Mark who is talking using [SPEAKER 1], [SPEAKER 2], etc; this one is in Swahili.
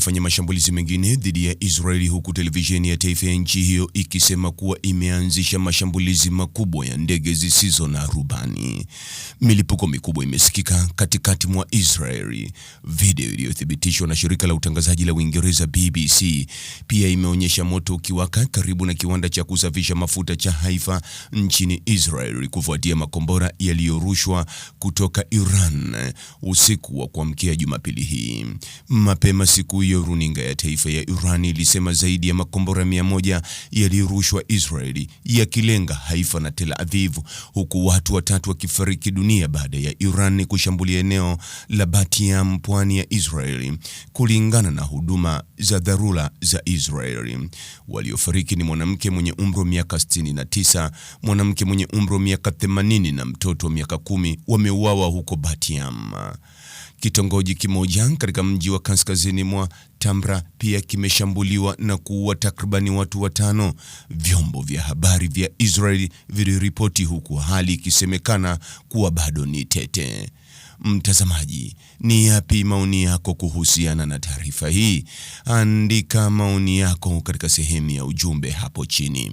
[SPEAKER 1] imefanya mashambulizi mengine dhidi ya Israeli huku televisheni ya taifa ya nchi hiyo ikisema kuwa imeanzisha mashambulizi makubwa ya ndege zisizo na rubani. Milipuko mikubwa imesikika katikati mwa Israeli. Video iliyothibitishwa na shirika la utangazaji la Uingereza BBC pia imeonyesha moto ukiwaka karibu na kiwanda cha kusafisha mafuta cha Haifa nchini Israeli kufuatia makombora yaliyorushwa kutoka Iran usiku wa kuamkia Jumapili hii. Mapema siku ya runinga ya taifa ya Iran ilisema zaidi ya makombora mia moja yalirushwa Israeli yakilenga Haifa na Tel Aviv, huku watu watatu wakifariki dunia baada ya Iran kushambulia eneo la Batiam, pwani ya Israeli, kulingana na huduma za dharura za Israeli. Waliofariki ni mwanamke mwenye umri wa miaka 69, mwanamke mwenye umri wa miaka 80 na mtoto wa miaka kumi wameuawa huko Batiam. Kitongoji kimoja katika mji wa kaskazini mwa Tamra pia kimeshambuliwa na kuua takribani watu watano, vyombo vya habari vya Israeli viliripoti, huku hali ikisemekana kuwa bado ni tete. Mtazamaji, ni yapi maoni yako kuhusiana na taarifa hii? Andika maoni yako katika sehemu ya ujumbe hapo chini